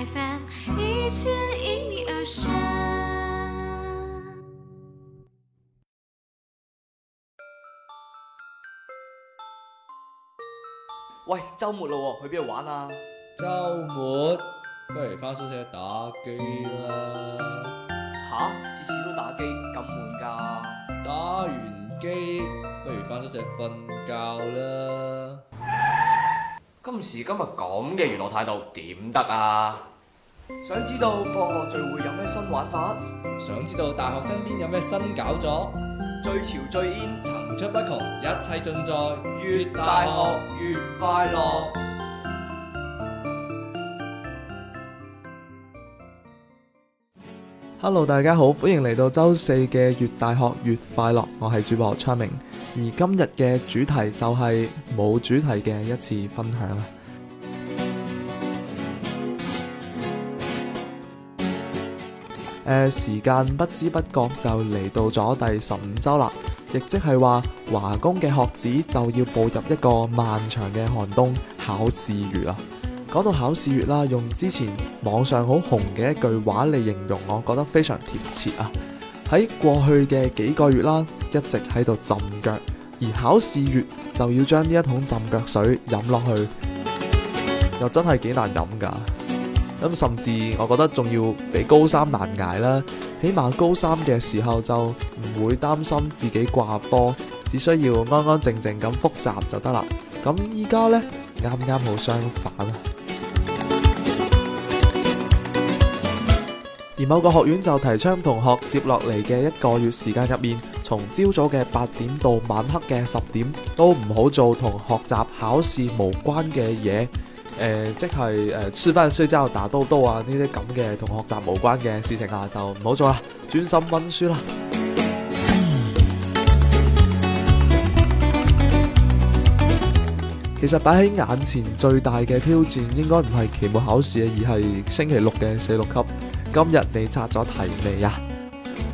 喂，周末喇喎，去邊度玩啊？周末不如返宿舍打機啦。吓、啊，次次都打機，咁悶噶？打完機不如返宿舍瞓覺啦。今時今日咁嘅娛樂態度，點得啊？想知道放學聚會有咩新玩法？想知道大學身邊有咩新搞作？最潮最煙層出不窮，一切盡在《粵大學粵快樂》快樂。Hello，大家好，歡迎嚟到周四嘅《粵大學粵快樂》，我係主播昌明，而今日嘅主題就係冇主題嘅一次分享。誒，時間不知不覺就嚟到咗第十五周啦，亦即係話華工嘅學子就要步入一個漫長嘅寒冬考試月啦。講到考試月啦，用之前網上好紅嘅一句話嚟形容，我覺得非常貼切啊！喺過去嘅幾個月啦，一直喺度浸腳，而考試月就要將呢一桶浸腳水飲落去，又真係幾難飲噶。咁甚至，我覺得仲要比高三難捱啦。起碼高三嘅時候就唔會擔心自己掛科，只需要安安靜靜咁複習就得啦。咁依家呢，啱啱好相反啊！ 而某個學院就提倡同學接落嚟嘅一個月時間入面，從朝早嘅八點到晚黑嘅十點，都唔好做同學習考試無關嘅嘢。誒、呃，即係誒，食飯瞓覺打豆豆啊，呢啲咁嘅同學習無關嘅事情啊，就唔好做啦，專心温書啦。 其實擺喺眼前最大嘅挑戰，應該唔係期末考試啊，而係星期六嘅四六級。今日你刷咗題未啊？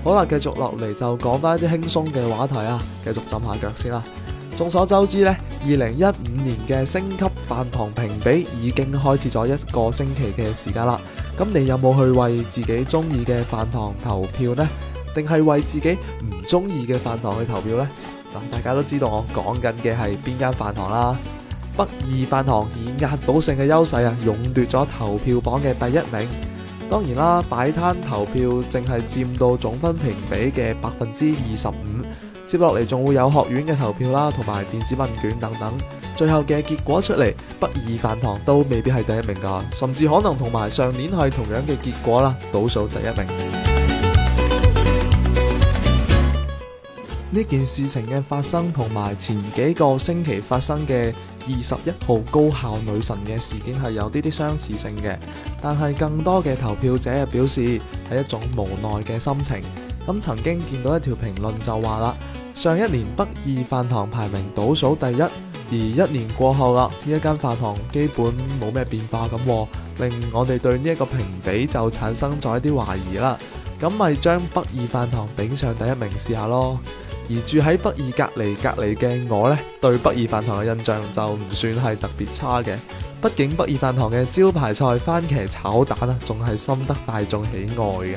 好啦，繼續落嚟就講翻一啲輕鬆嘅話題啊，繼續浸下腳先啦，啊。眾所周知咧，二零一五年嘅星級飯堂評比已經開始咗一個星期嘅時間啦。咁你有冇去為自己中意嘅飯堂投票呢？定係為自己唔中意嘅飯堂去投票呢？咁大家都知道我講緊嘅係邊間飯堂啦。北二飯堂以壓倒性嘅優勢啊，勇奪咗投票榜嘅第一名。當然啦，擺攤投票淨係佔到總分評比嘅百分之二十五。接落嚟仲會有學院嘅投票啦，同埋電子問卷等等，最後嘅結果出嚟，不二飯堂都未必係第一名㗎，甚至可能同埋上年係同樣嘅結果啦，倒數第一名。呢件事情嘅發生同埋前幾個星期發生嘅二十一號高校女神嘅事件係有啲啲相似性嘅，但係更多嘅投票者表示係一種無奈嘅心情。咁曾經見到一條評論就話啦，上一年北二飯堂排名倒數第一，而一年過後啦，呢一間飯堂基本冇咩變化咁，令我哋對呢一個評比就產生咗一啲懷疑啦。咁咪將北二飯堂頂上第一名試下咯。而住喺北二隔離隔離嘅我呢，對北二飯堂嘅印象就唔算係特別差嘅，畢竟北二飯堂嘅招牌菜番茄炒蛋啊，仲係深得大眾喜愛嘅。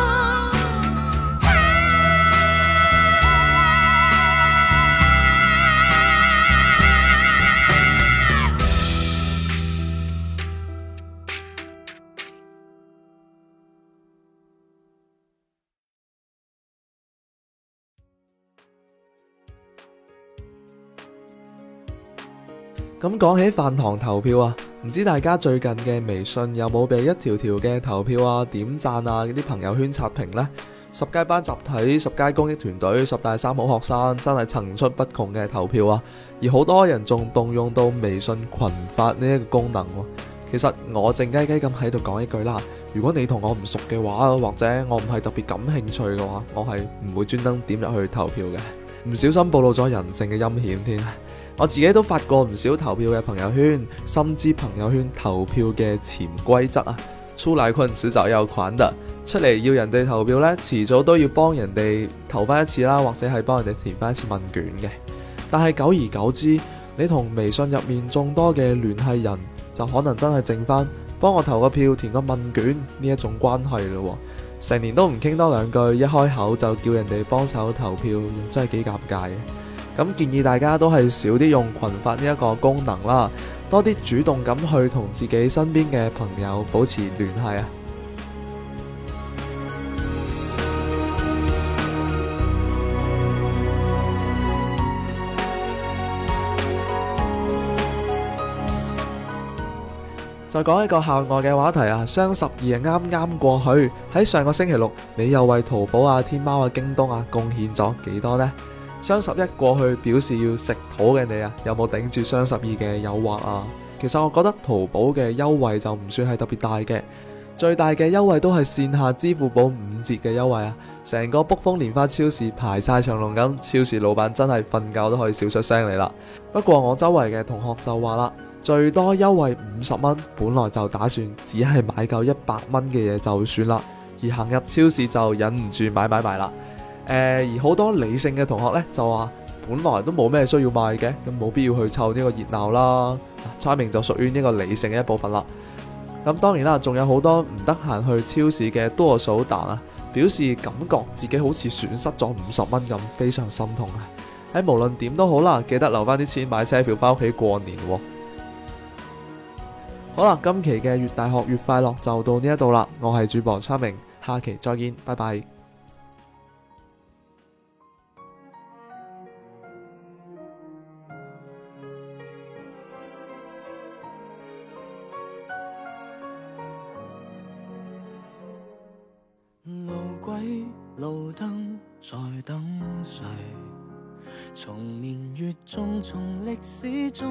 咁講起飯堂投票啊，唔知大家最近嘅微信有冇被一條條嘅投票啊、點讚啊嗰啲朋友圈刷屏呢？十佳班集體、十佳公益團隊、十大三好學生，真係層出不窮嘅投票啊！而好多人仲動用到微信群發呢一個功能喎。其實我靜雞雞咁喺度講一句啦，如果你同我唔熟嘅話，或者我唔係特別感興趣嘅話，我係唔會專登點入去投票嘅。唔小心暴露咗人性嘅陰險添。我自己都發過唔少投票嘅朋友圈，深知朋友圈投票嘅潛規則啊，粗奶困小就有群出嚟要人哋投票呢，遲早都要幫人哋投翻一次啦，或者係幫人哋填翻一次問卷嘅。但係久而久之，你同微信入面眾多嘅聯繫人，就可能真係剩翻幫我投個票、填個問卷呢一種關係咯。成年都唔傾多兩句，一開口就叫人哋幫手投票，真係幾尷尬嘅。咁建議大家都係少啲用群發呢一個功能啦，多啲主動咁去同自己身邊嘅朋友保持聯繫啊！再講一個校外嘅話題啊，雙十二啱啱過去，喺上個星期六，你又為淘寶啊、天貓啊、京東啊貢獻咗幾多呢？雙十一過去表示要食土嘅你啊，有冇頂住雙十二嘅誘惑啊？其實我覺得淘寶嘅優惠就唔算係特別大嘅，最大嘅優惠都係線下支付寶五折嘅優惠啊！成個卜蜂蓮花超市排晒長龍咁，超市老闆真係瞓覺都可以笑出聲嚟啦。不過我周圍嘅同學就話啦，最多優惠五十蚊，本來就打算只係買夠一百蚊嘅嘢就算啦，而行入超市就忍唔住買買買啦。誒，而好多理性嘅同學呢，就話本來都冇咩需要買嘅，咁冇必要去湊呢個熱鬧啦。昌明就屬於呢個理性嘅一部分啦。咁當然啦，仲有好多唔得閒去超市嘅多數達，表示感覺自己好似損失咗五十蚊咁，非常心痛啊！喺、哎、無論點都好啦，記得留翻啲錢買車票翻屋企過年、哦。好啦，今期嘅越大學越快樂就到呢一度啦，我係主播昌明，下期再見，拜拜。